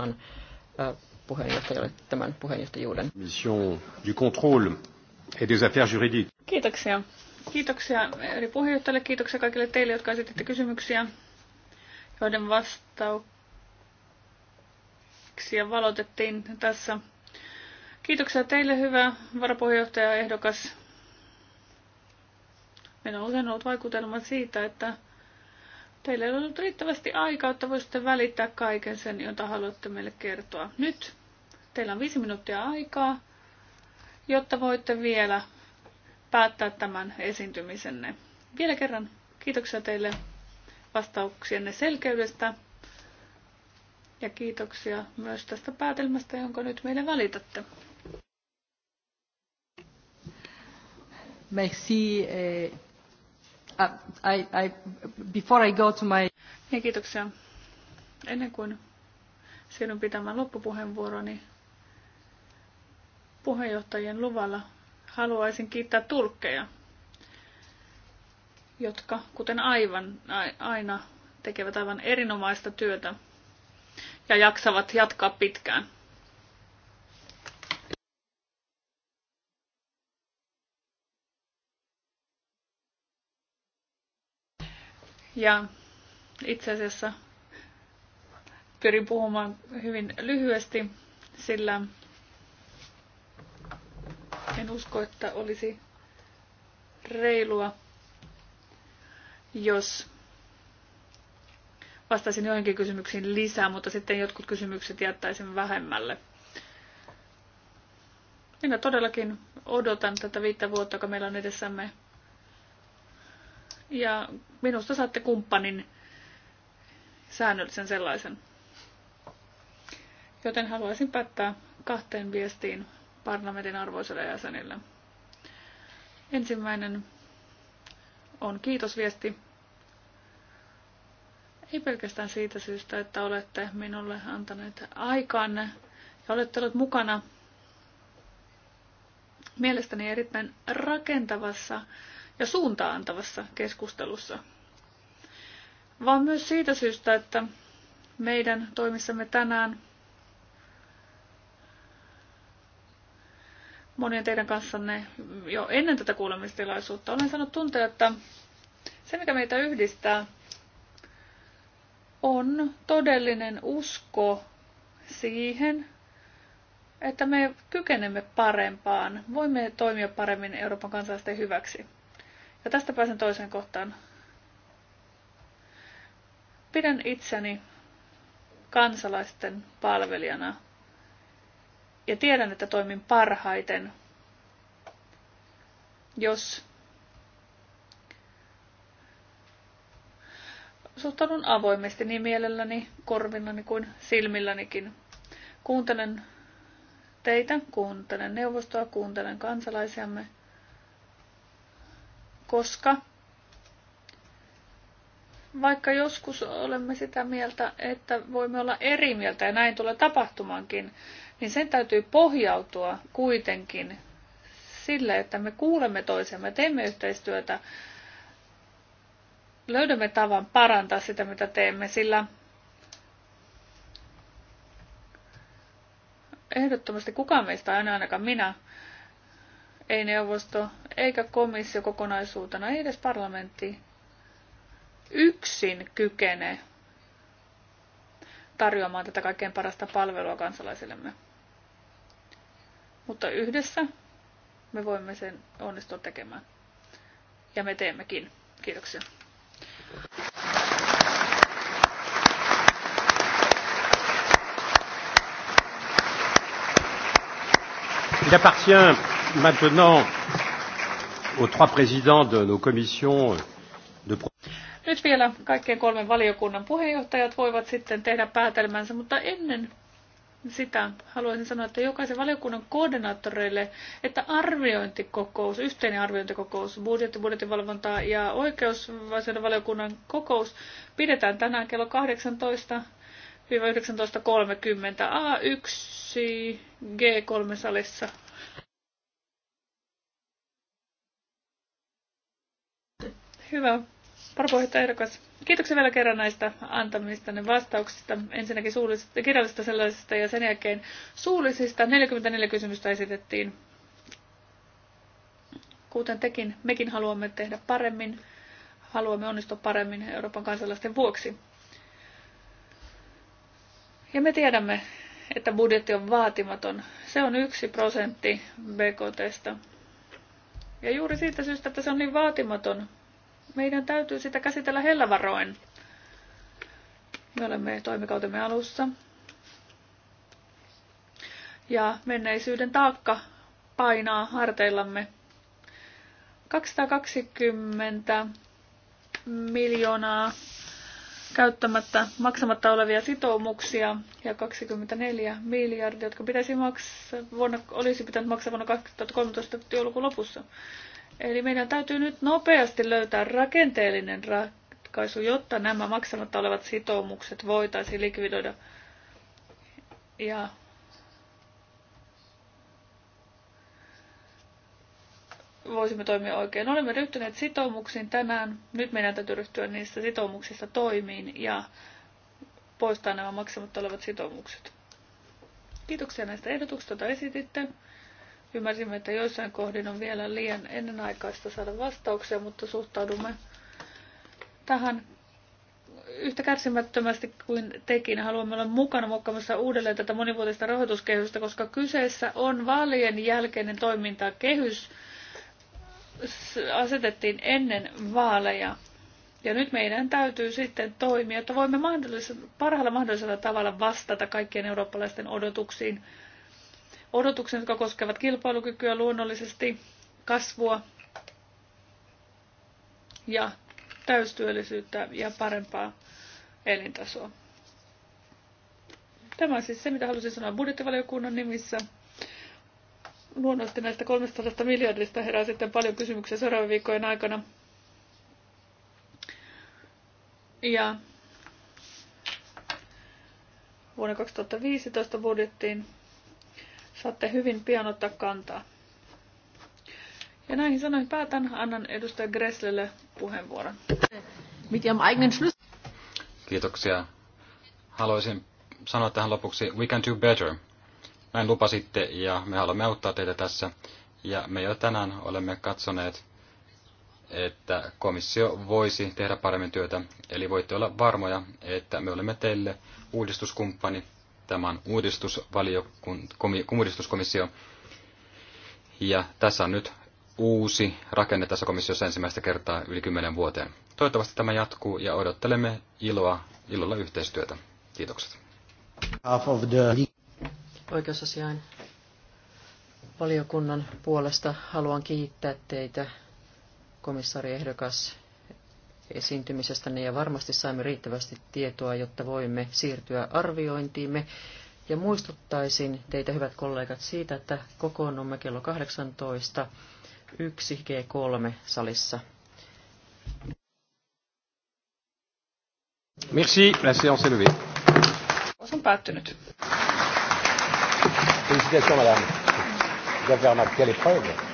valiokunnan puheenjohtajalle tämän puheenjohtajuuden. Mission du contrôle et des affaires juridiques. Kiitoksia. Kiitoksia eri puheenjohtajille, kiitoksia kaikille teille, jotka esititte kysymyksiä, joiden vastauksia valotettiin tässä. Kiitoksia teille, hyvä varapuheenjohtaja ehdokas. Meillä on usein ollut vaikutelma siitä, että Teillä ei ollut riittävästi aikaa, että voisitte välittää kaiken sen, jota haluatte meille kertoa. Nyt teillä on viisi minuuttia aikaa, jotta voitte vielä päättää tämän esiintymisenne. Vielä kerran kiitoksia teille vastauksienne selkeydestä ja kiitoksia myös tästä päätelmästä, jonka nyt meille välitätte. Merci. Eh I, I, before I go to my... Niin, kiitoksia. Ennen kuin siirryn pitämään loppupuheenvuoroni, niin puheenjohtajien luvalla haluaisin kiittää tulkkeja, jotka kuten aivan, aina tekevät aivan erinomaista työtä ja jaksavat jatkaa pitkään. Ja itse asiassa pyrin puhumaan hyvin lyhyesti, sillä en usko, että olisi reilua, jos vastaisin joihinkin kysymyksiin lisää, mutta sitten jotkut kysymykset jättäisin vähemmälle. Minä todellakin odotan tätä viittä vuotta, joka meillä on edessämme ja minusta saatte kumppanin säännöllisen sellaisen. Joten haluaisin päättää kahteen viestiin parlamentin arvoiselle jäsenille. Ensimmäinen on kiitosviesti. Ei pelkästään siitä syystä, että olette minulle antaneet aikaanne ja olette olleet mukana mielestäni erittäin rakentavassa ja suuntaa antavassa keskustelussa, vaan myös siitä syystä, että meidän toimissamme tänään monien teidän kanssanne jo ennen tätä kuulemistilaisuutta olen saanut tuntea, että se mikä meitä yhdistää on todellinen usko siihen, että me kykenemme parempaan, voimme toimia paremmin Euroopan kansalaisten hyväksi. Ja tästä pääsen toiseen kohtaan. Pidän itseni kansalaisten palvelijana ja tiedän, että toimin parhaiten, jos suhtaudun avoimesti niin mielelläni, korvillani kuin silmillänikin. Kuuntelen teitä, kuuntelen neuvostoa, kuuntelen kansalaisiamme – koska vaikka joskus olemme sitä mieltä, että voimme olla eri mieltä ja näin tulee tapahtumaankin, niin sen täytyy pohjautua kuitenkin sille, että me kuulemme toisemme, teemme yhteistyötä, löydämme tavan parantaa sitä, mitä teemme, sillä ehdottomasti kukaan meistä, aina ainakaan minä, ei neuvosto, eikä komissio kokonaisuutena, ei edes parlamentti yksin kykene tarjoamaan tätä kaikkein parasta palvelua kansalaisillemme. Mutta yhdessä me voimme sen onnistua tekemään. Ja me teemmekin. Kiitoksia. Il appartient maintenant aux trois présidents de nos commissions de... Nyt vielä kaikkien kolmen valiokunnan puheenjohtajat voivat sitten tehdä päätelmänsä, mutta ennen sitä haluaisin sanoa, että jokaisen valiokunnan koordinaattoreille, että arviointikokous, yhteinen arviointikokous, budjetti, budjettivalvontaa ja oikeusasioiden valiokunnan kokous pidetään tänään kello 18 19.30 A1 G3 salissa Hyvä varapuheenjohtaja ehdokas. Kiitoksia vielä kerran näistä antamistanne vastauksista, ensinnäkin suullisista, kirjallisista sellaisista ja sen jälkeen suullisista. 44 kysymystä esitettiin. Kuten tekin, mekin haluamme tehdä paremmin, haluamme onnistua paremmin Euroopan kansalaisten vuoksi. Ja me tiedämme, että budjetti on vaatimaton. Se on yksi prosentti BKTstä. Ja juuri siitä syystä, että se on niin vaatimaton, meidän täytyy sitä käsitellä hellävaroin. Me olemme toimikautemme alussa. Ja menneisyyden taakka painaa harteillamme. 220 miljoonaa käyttämättä, maksamatta olevia sitoumuksia ja 24 miljardia, jotka pitäisi maksaa, vuonna, olisi pitänyt maksaa vuonna 2013 joulukuun lopussa. Eli meidän täytyy nyt nopeasti löytää rakenteellinen ratkaisu, jotta nämä maksamatta olevat sitoumukset voitaisiin likvidoida. Ja voisimme toimia oikein. Olemme ryhtyneet sitoumuksiin tänään. Nyt meidän täytyy ryhtyä niistä sitoumuksista toimiin ja poistaa nämä maksamatta olevat sitoumukset. Kiitoksia näistä ehdotuksista, joita esititte. Ymmärsimme, että joissain kohdin on vielä liian ennenaikaista saada vastauksia, mutta suhtaudumme tähän yhtä kärsimättömästi kuin tekin. Haluamme olla mukana muokkaamassa uudelleen tätä monivuotista rahoituskehystä, koska kyseessä on vaalien jälkeinen toimintakehys. Asetettiin ennen vaaleja. Ja nyt meidän täytyy sitten toimia, että voimme mahdollis- parhaalla mahdollisella tavalla vastata kaikkien eurooppalaisten odotuksiin odotuksia, jotka koskevat kilpailukykyä luonnollisesti, kasvua ja täystyöllisyyttä ja parempaa elintasoa. Tämä on siis se, mitä halusin sanoa budjettivaliokunnan nimissä. Luonnollisesti näistä 300 miljardista herää sitten paljon kysymyksiä seuraavien viikkojen aikana. Ja vuonna 2015 budjettiin Saatte hyvin pian ottaa kantaa. Ja näihin sanoin päätän. Annan edustaja Gresslelle puheenvuoron. Mit ihrem eigenen Schlüssel. Kiitoksia. Haluaisin sanoa tähän lopuksi, we can do better. Näin lupasitte ja me haluamme auttaa teitä tässä. Ja me jo tänään olemme katsoneet, että komissio voisi tehdä paremmin työtä. Eli voitte olla varmoja, että me olemme teille uudistuskumppani Tämän on uudistuskomissio. Ja tässä on nyt uusi rakenne tässä komissiossa ensimmäistä kertaa yli kymmenen vuoteen. Toivottavasti tämä jatkuu ja odottelemme iloa, ilolla yhteistyötä. Kiitokset. Oikeusasiain valiokunnan puolesta haluan kiittää teitä, komissaariehdokas esiintymisestänne ja varmasti saimme riittävästi tietoa, jotta voimme siirtyä arviointiimme. Ja muistuttaisin teitä, hyvät kollegat, siitä, että kokoonnumme kello 18 1G3 salissa. Merci, la séance est levée. On päättynyt. Félicitations, madame. Vous avez remarqué l'épreuve.